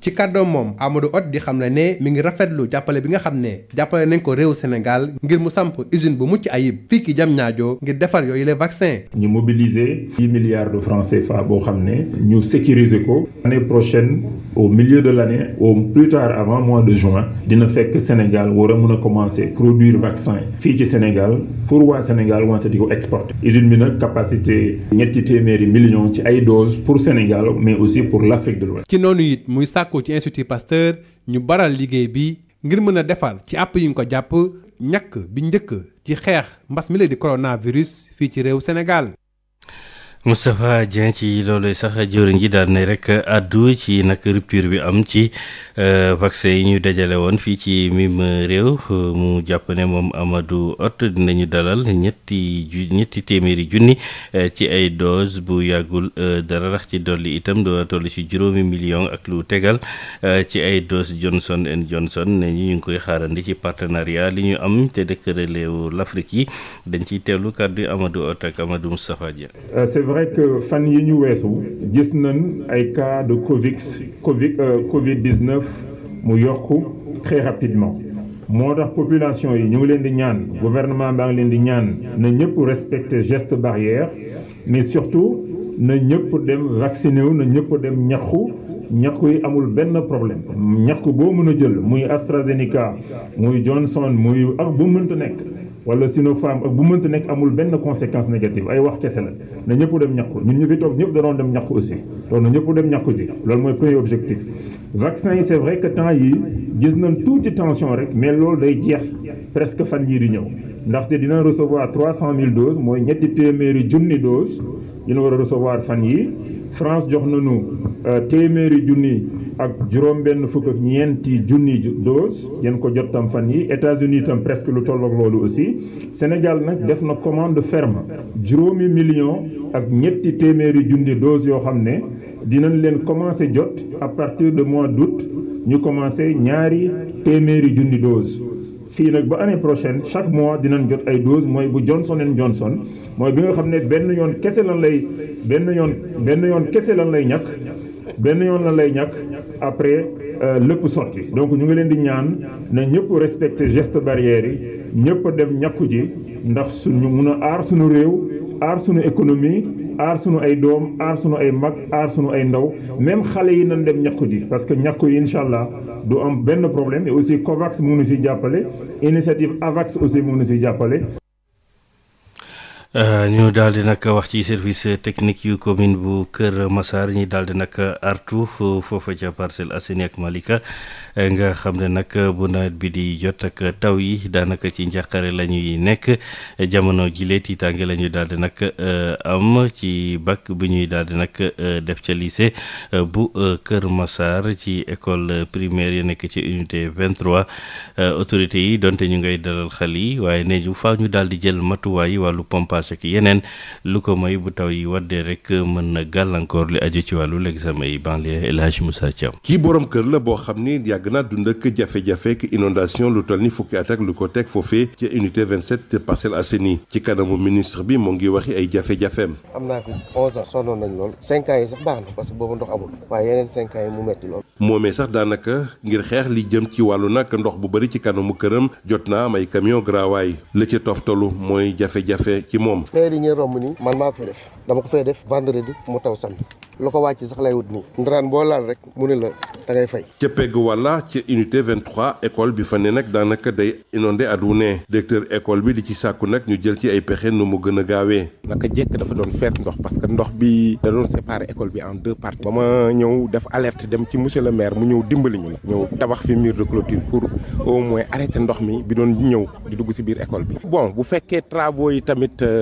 ci kàddoom moom Amadou Hott di xam ne ne mi ngi rafetlu jàppale bi nga xam ne jàppale nañ ko réew Sénégal ngir mu samp usine bu mucc ayib. fii ki jam ñaajoo ngir defar yooyu les vaccins. ñu mobiliser dix milliards de francs CFA boo xam ne ñu sécuriser ko. année prochaine au milieu de l' année au plus tard avant mois de juin dina fekk Sénégal war a mën a commencer produire vaccin fii ci Sénégal pour waa Sénégal wante di ko exporter. usine bi nag capacité ñetti téeméeri million ci ay dose pour Sénégal mais aussi pour l' Afrique de l'Ouest ci noonu it muy sàkku ci institut Pasteur ñu baral liggéey bi ngir mën a defar ci àpp yi ñu ko jàpp. ñàkk bi njëkk ci xeex mbas mi la di coronavirus fii ci réew Sénégal Moustapha Dieng ci loolu sax a jëwriñ ji daal na rek addu ci nag rupture bi am ci euh, vaccin yi ñu dajale woon fii ci mim réew mu jàpp ne moom Amadou dina ñu dalal ñetti ñetti téeméeri junni euh, ci ay dose bu yàggul euh, dara rax ci dolli itam doo toll ci juróomi millions ak lu tegal ci ay dose Johnson and Johnson ne ñu ngi koy xaarandi ci partenariat li ñu am te dëkk réewu l'Afrique yi dañ ci teelu kàddu Amadou Hott ak Amadou Moustapha Dieng vrai que euh, fan yi ñu weesu gis nañ ay cas de Covid Covid euh, Covid 19 mu yokk très rapidement moo tax population yi ñu ngi leen di ñaan gouvernement baa ngi leen di ñaan na ñëpp respecter geste barrière mais surtout na ñëpp dem vacciné wu na ñëpp dem ñaxu ñaxu yi amul benn problème ñaxu boo mën a jël muy AstraZeneca muy Johnson muy ak bu mënta nekk. wala sino femme ak bu mënta nekk amul benn conséquence négative ay wax kese la na ñëpp dem ñàkku ñun ñu fi toog ñëpp danoon dem ñàkku aussi donc na ñëpp dem ñàkku ji loolu mooy premier objectif vaccin yi c'est vrai que temps yi gis nañ tuuti tension rek mais loolu day jeex presque fan yii di ñëw ndaxte dina recevoir 300000 doses mooy ñetti téeméeri junni doses dina war a recevoir fan yi France jox nañu euh, téeméeri junni ak juróom-benn fukk ak ñeenti junni dose ngeen ko jot tam fan yi États-Unis tam presque lu tollook loolu aussi Sénégal nag def na commande ferme juróomi million ak ñetti téeméeri junni dose yoo xam ne dinañ leen commencé jot à partir de mois d'août ñu commencé ñaari téeméeri junni dose fii nag ba année prochaine chaque mois dinañ jot ay dose mooy bu Johnson and Johnson mooy bi nga xam ne benn yoon kese lan lay benn yoon benn yoon kese lan lay ñàkk benn yoon la lay ñàkk après euh, lépp sotti donc ñu ngi leen di ñaan na ñëpp respecté geste barrière yi ñëpp a dem ñàkku ji ndax suñu mun a aar suñu réew aar suñu économie aar suñu ay doom aar sunu ay mag aar sunu ay ndaw même xale yi nañ dem ñàkku ji parce que ñàkku yi allah du am benn problème et aussi COVAX mu ngi si jàppale initiative AVAX aussi mu ngi si jàppale Euh, ñu daal di nag wax ci service technique yu commune bu Kër Massar ñi daal di nag artu foofa ca Parcelles Assainies ak Malika euh, nga xam ne nag bu nawet bi di jot ak taw yi daanaka ci njàqare la ñuy nekk jamono jile tiitaange la euh, ñuy daal di nag am ci bac bi ñuy daal di nag def ca lycée bu Kër Massar ci école primaire yi nekk ci unité 23 autorités yi donte ñu ngay dalal xel yi waaye ne ñu faaw ñu daal di jël matuwaay wàllu pompage. bâche yeneen lu ko may bu taw yi waddee rek mën na gàllankoor li aju ci wàllu l'examen yi banlieue El Hadj Moussa Thiam kii borom kër la boo xam ni yàgg naa dund ak jafe-jafe ak lu toll ni fukki at ak lu ko teg foofee ci unité 27 te Parcelles Assainies ci kanamu ministre bi mu ngi waxi ay jafe-jafeem. am naa ko 11 ans sonnoon nañ lool. 5 na parce que boobu ndox amul. waaye yeneen mu metti lool. moomee sax daanaka ngir xeex li jëm ci wàllu nag ndox bu bëri ci kanamu këram jot naa am ay camion graawaay la ca toftalu mooy jafe-jafe ci moom. moom xeer yi ngeen romb nii man maa ko fi def dama ko fay def vendredi mu taw samedi lu ko wàcc sax lay wut nii ndaraan boo laal rek mu ne la da ngay ca pegg walla ca unité 23 école bi fa ne nag daanaka day inondé at wu ne école bi di ci sàkku nag ñu jël ci ay pexe nu mu gën a gaawee naka jekk dafa doon fees ndox parce que ndox bi da doon séparer école bi en deux parties ba ma ñëw def alerte dem ci monsieur le maire mu ñëw dimbali ñu la ñëw tabax fi mur de clôture pour au moins arrêter ndox mi bi doon ñëw dugg ci biir école bi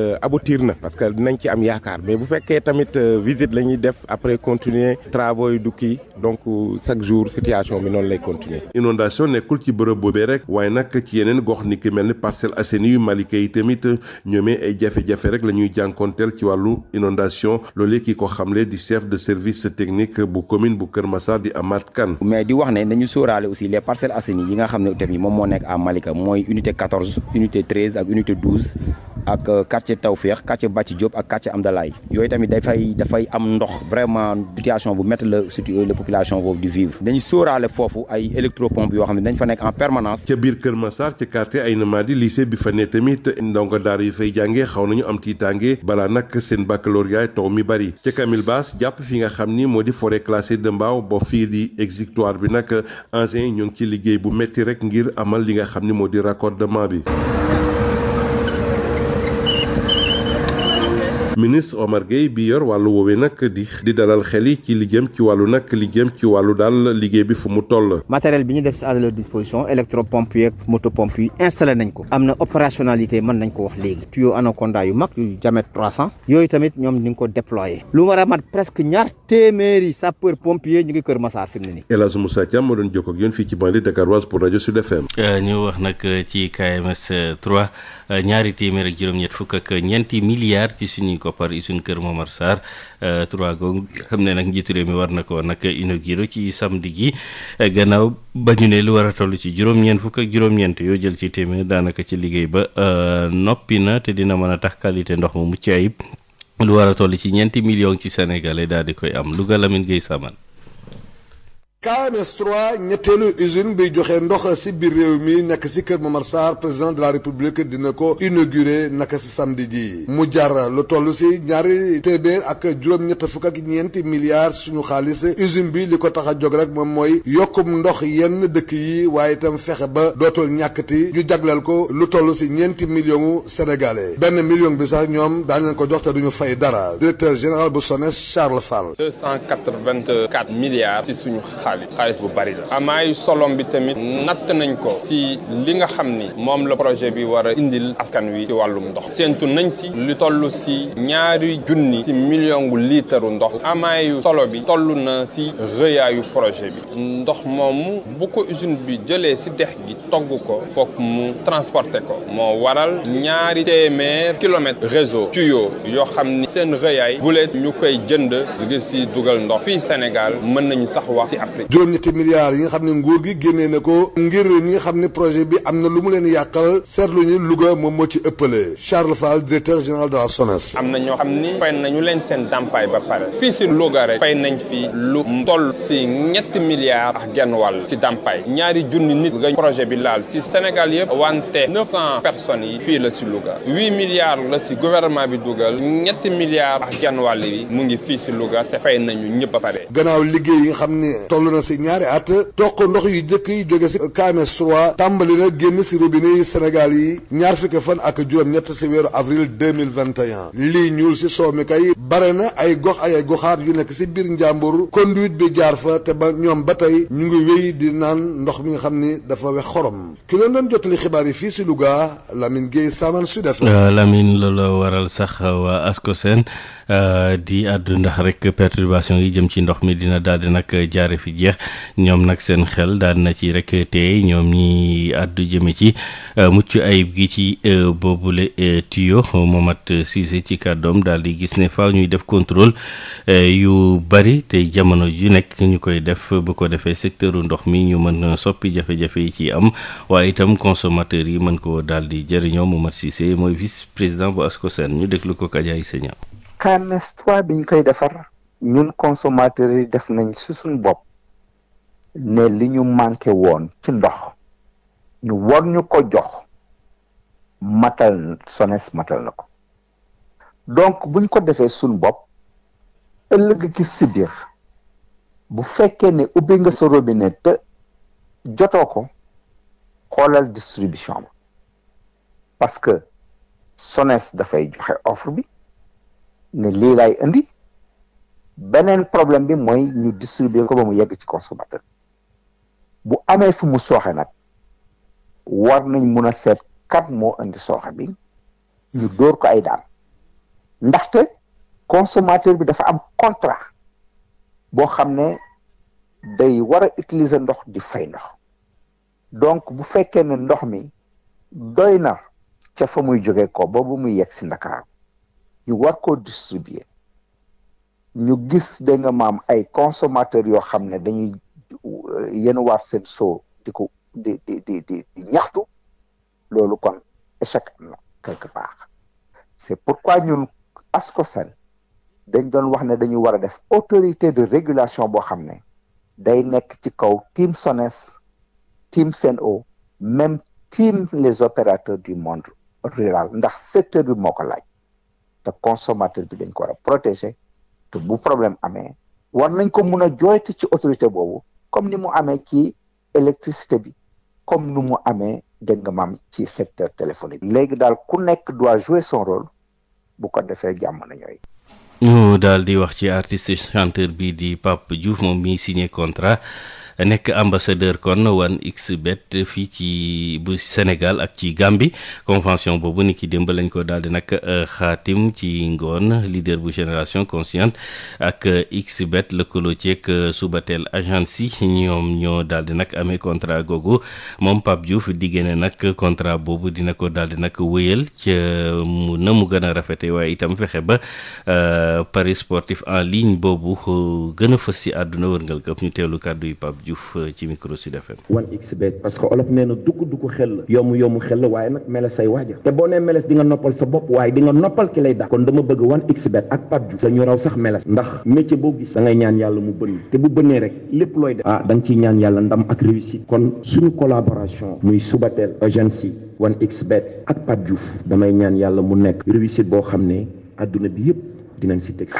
Euh, aboutir na parce que dinañ ci am yaakaar mais bu fekkee tamit euh, visite lañuy def après continuer travaux du dukki donc euh, chaque jour situation bi noonu lay continuer. inondation nekkul ci bërëb boobee rek waaye nak ci yeneen gox ni ki mel ni Parcelles Assainies yu Malika yi tamit ñoomee ay jafe-jafe rek la ñuy jànkoonteel ci wàllu inondation loolee ki ko xamle di chef de service technique bu commune bu Kër Massar di Amath Kane. mais di wax ne nañu sóoraale aussi les Parcelles Assainies yi nga xam ne tamit moom moo nekk à Malika mooy unité 14 unité 13 ak ak euh, quartier Tawféex quartier Bàcci Diop ak quartier Amdalaay yooyu tamit dafay dafay am ndox vraiment situation bu métti la surtout euh, la population boobu di vivre dañu sóoraale foofu ay électropompe yoo xam ne dañ fa nekk en permanence ca biir Kër Massar ci quartier ay Namadi lycée bi fa ne tamit ndongo daara yu fay jàngee xaw nañu am tiitaange balaa nag seen baccalauréat taw mi bari ca Kamil Baas jàpp fi nga xam ni moo di forêt classée de Mbao ba fii di exutoire bi nag engins ñu ngi ci liggéey bu métti rek ngir amal li nga xam ni moo di raccordement bi ministre Omar Gueye bi yor wàllu woowee nag di dalal xel yi ci li jëm ci wàllu nag li jëm ci wàllu dal liggéey bi fu mu toll. matériel bi ñu def à leur disposition électropompe yeeg motopompe yi installé nañ ko. am na opérationnalité mën nañ ko wax léegi. tuyau anaconda yu mag yu diamètre 300. yooyu tamit ñoom ñu ngi ko déployé. lu war a mat presque ñaar téeméeri sapeur pompier ñu ngi Kër Massar fi mu ne nii. El Hadj Moussa Thiam moo doon jokkoo ak yéen fii ci banlieue dakaroise pour rajo Sud FM. Euh, wax nag euh, ci KMS euh, ñaari téeméer ak fukk ñeenti milliards ci suñu koppar usine Kër Momar Sarr euh, trois googu xam ne nag njiitu réew mi war na ko nag inauguré ci samedi gi gannaaw ba ñu ne lu war a toll ci juróom-ñeent fukk ak juróom-ñeent yoo jël ci téeméer daanaka ci liggéey ba euh, noppi na te dina mën a tax qualité ndox mu mucc ayib lu war a toll ci ñeenti million ci sénégalais daal di koy am Louga Lamine Gueye Samane KMS 3 ñetteelu usine bi joxe ndox si biir réew mi nekk si kër Momar Sarr président de la république dina ko inauguré naka si samedi ji mu jar lu toll si ñaari téeméer ak juróom fukk ak ñeenti milliards suñu xaalis usine bi li ko tax a jóg rek moom mooy yokkum ndox yenn dëkk yi waaye itam fexe ba dootul ñàkkati ñu jagleel ko lu toll si ñeenti millions sénégalais benn million bi sax ñoom daañu leen ko jox te duñu fay dara directeur général bu SONES Charles Fall. 284 milliards si suñu xaalis xaalis bu bari la amaay solom bi tamit natt nañ ko si li nga xam ni moom la projet bi war a indil askan wi ci wàllum ndox séentu nañ si li toll si ñaari junni si million gu liitaru ndox amaayu solo bi toll na si rëyaayu projet bi ndox moomu bu ko usine bi jëlee si dex gi togg ko foog mu transporter ko moo waral ñaari téeméer kilomètre réseau tuyau yoo xam ni seen rëyaay buleet ñu koy jënd gi si dugal ndox fii Sénégal mën nañu sax wax si Afrique juróom-ñetti milliards yi nga xam ne nguur gi génnee na ko ngir ñi nga xam ne projet bi am na lu mu leen yàqal seetlu ñu luga moom moo ci ëppale Charles Fall directeur général de la SONES. am na ñoo xam ni fay nañu leen seen dàmpaay ba pare fii si Louga rek fay nañ fi lu ndol si ñetti milliards ak genn wàll si dàmpaay ñaari junni nit nga projet bi laal si Sénégal yëpp wante neuf cent personnes yi fii la si Louga huit milliards la si gouvernement bi dugal ñetti milliards ak wàll yi mu ngi fii si Louga fay nañu ñëpp na si ñaari at toq ndox yi jëkk yi jóge si KMS 3 tàmbali na génn si robinet yi senegal yi ñaar fukki fan ak juróom-ñett si weeru avril 2021 lii ñuul si soow mi kay bare na ay gox ay ay goxaat yu nekk si biir njàmbur conduite bi jaar fa te ba ñoom ba tey ñu ngi wéy di naan ndox mi nga xam ni dafa wex xorom ki leen doon jottali xibaar yi fii si Louga lamin Guèye Saman Sud FM euh, Lamine loolu waral sax waa Ascosen Euh, di àddu ndax rek perturbation yi jëm ci ndox mi dina daal di nag jaare fi jeex ñoom nag seen xel daal ci rek tey ñoom ñi àddu jëme ci euh, mucc ayib gi ci euh, boobule tuyo Momat Cissé ci kàddoom daal di gis ne fa ñuy def contrôle yu bari te jamono ju nekk ñu koy def bu ko defee secteuru ndox mi ñu mën soppi jafe-jafe yi ci am waaye itam consommateurs yi mën ko daal di jëriñoo Momat Cissé mooy vice président bu seen ñu déglu ko Kajaay Seña KMS 3 biñ koy defar ñun consommateurs yi def nañ su suñ bopp ne li ñu manqué woon ci ndox ñu war ñu ko jox matal sones matal na ko donc buñ ko defee suñ bopp ëllëg ci sibir bu fekkee ne ubbi nga sa robinet te jotoo ko xoolal distribution parce que sones dafay joxe offre bi ne lii laay indi beneen problème bi mooy ñu distribuer ko ba mu yegg ci consommateur bu amee fu mu sooxe nag war nañ mun a seet kat moo indi sooxe bi ñu dóor ko ay daan ndaxte consommateur bi dafa am contrat boo xam ne day wara utilise ndox di fay ndox donc bu fekkee ne ndox mi doy na ca fa muy jóge ko boobu muy yegg si Ndakaaru ñu war koo distribuer ñu gis da maam ay consommateurs yoo xam ne dañuy euh, yenu waat seen soo di ko di di ñaxtu loolu kon échec am na quelque part c'est pourquoi ñun ASCOSEN dañ doon wax ne dañu war a def autorité de régulation boo xam ne day nekk ci kaw team SONES tiim seen Sen'Eau même team les opérateurs du monde rural ndax secteur bi moo ko laaj te consommateur bi dañ ko war a protéger te bu problème amee war nañ ko mun a jooytu ci autorité boobu comme ni mu amee ci électricité bi comme ni mu amee dégg nga maam ci secteur téléphonique léegi daal ku nekk doit jouer son rôle bu ko defee jàmm na ñooy ñu daal di wax ci artiste chanteur bi di Pape Diouf moom mi signé contrat nekk ambassadeur kon 1xBet fii ci bu Sénégal ak ci Gambie convention boobu ni ki démb lañ ko daal di nag euh, xaatim ci ngoon leader bu génération conscient ak euh, xBet lëkkaloo ceeg euh, Subatel agence yi ñoom ñoo daal di nag amee contrat googu moom Pape Diouf diggée ne nag contrat boobu dina ko daal di nag wéyal ca mu na mu gën a rafete waaye itam fexe ba paris sportif en ligne boobu gën a fës si àdduna wërngal këpp ñu teelu kàddu yi Pape Diouf euh, ci micro Sud FM. 1xBet parce que olof nee na dugg dugg xel la yomb yomb xel la waaye nag meles say waaja te boo nee meles di nga noppal sa bopp waaye di nga noppal ki lay dàq kon dama bëgg 1xBet ak Pape Diouf dañu raw sax meles ndax métier boo gis da ngay ñaan yàlla mu bënn te bu bënnee rek lépp looy def ah da nga ñaan yàlla ndam ak réussite kon suñu collaboration muy suba Subatel agence 1xBet ak Pape Diouf damay ñaan yàlla mu nekk réussite boo xam ne adduna bi yëpp dinañ si teg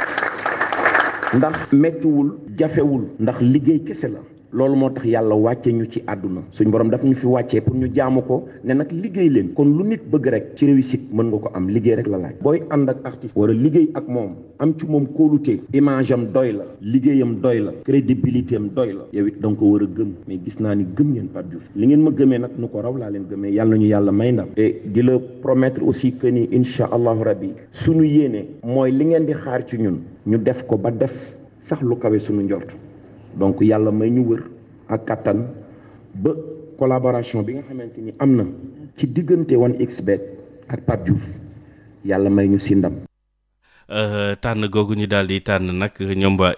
ndax mettiwul jafewul ndax liggéey kese la loolu moo tax yàlla wàcce ñu ci àdduna suñ borom daf ñu fi wàccee pour ñu jaamu ko ne nag liggéey leen kon lu nit bëgg rek ci réussite mën nga ko am liggéey rek la laaj booy ànd ak artiste war a liggéey ak moom am ci moom kóolute image am doy la liggéeyam doy la crédibilité am doy la yow it da ko war a gëm mais gis naa ni gëm ngeen Pape Diouf li ngeen ma gëmee nag nu ko raw laa leen gëmee yàlla nañu yàlla may ndam te di la promettre aussi que ni incha allahu rabbi suñu yéene mooy li ngeen di xaar ci ñun ñu def ko ba def sax lu kawe suñu njort donc yàlla may ñu wër ak kattan ba collaboration bi nga xamante ni am na ci diggante 1xBet ak Pape juuf yàlla may ñu sindam Euh, tànn googu ñu daal di tànn nag ñoom waa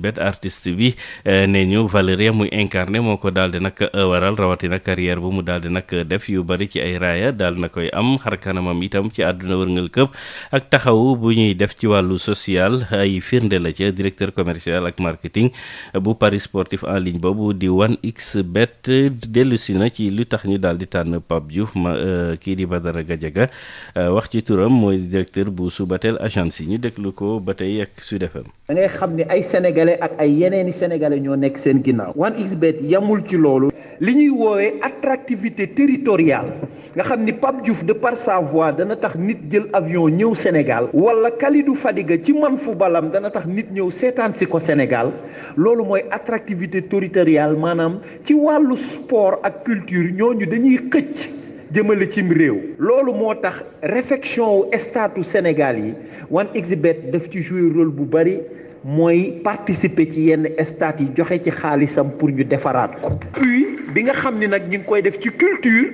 bet artiste bi euh, nee ñu Valeria mu incarné moo ko daal di nag euh, waral rawatina carrière bu mu daal di nag def yu bari ci ay raaya daal na koy am xar itam ci àdduna wërngal këpp ak taxaw bu ñuy def ci wàllu social ay firnde la ca directeur commercial ak marketing bu Paris sportif en ligne boobu di 1xBet dellusi na ci lu tax ñu daal di tànn Pape Diouf ma kii di Badara Gadiaga wax ci turam mooy directeur bu Subatel agence si ñu déglu ko ba tey ak su FM. da ngay xam ne ay sénégalais ak ay yeneeni sénégalais ñoo nekk seen ginnaaw. 1xBet yamul ci loolu. li ñuy woowee attractivité territoriale nga xam ni Pape jouf de par sa dana tax nit jël avion ñëw Sénégal. wala Kalidou Fadiga ci man fu balam dana tax nit ñëw seetaan si ko Sénégal loolu mooy attractivité territoriale maanaam ci wàllu sport ak culture ñooñu dañuy xëcc. jëmale cim réew. loolu moo tax réfection wu statu Sénégal yi wan exhibit daf ci jouer rôle bu bari mooy participer ci yenn stades yi joxe ci xaalisam pour ñu defaraat ko. puis bi nga xam ni nag ñu ngi koy def ci culture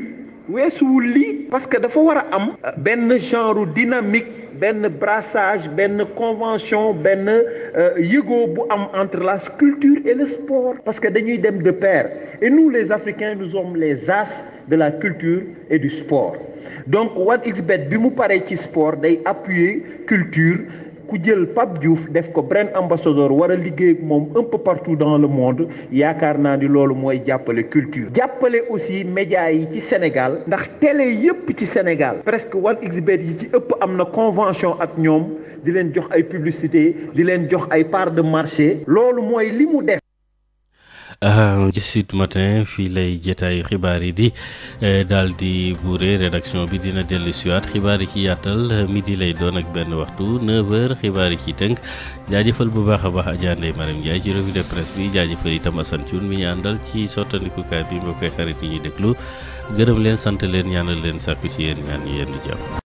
weesuwul li parce que dafa war a am. Euh, benn genre dynamique. benn brassage benn convention benn euh, yëgoo bu am entre la culture et le sport parce que dañuy dem de pair et nous les Africains nous sommes les as de la culture et du sport donc 1xBet bi mu paree ci sport day appuyer culture ku jël pap Diouf def ko brand ambassador war a liggéey ak moom un peu partout dans le monde yaakaar naa ni loolu mooy jàppale culture jàppale aussi média yi ci Sénégal ndax télé yépp ci Sénégal presque 1xBet yi ci ëpp am na convention ak ñoom di leen jox ay publicité di leen jox ay part de marché loolu mooy li mu def ci Sud Matin fii lay jotaayu xibaar yi di eh, daal di buure rédaction bi dina dellu siwaat xibaar yi ci yaatal midi lay doon ak benn waxtu 9h xibaar yi ci tënk jaajëfal bu baax a baax Adja Ndeye Mariam Ndiaye ci revue de presse bi jaajëfal itam Assane Thioune mi ñu àndal ci sottandikukaay bi mbokk koy xarit yi ñuy déglu gërëm leen sant leen ñaanal leen sàkku ci yéen ñaan ñu yenn jàmm.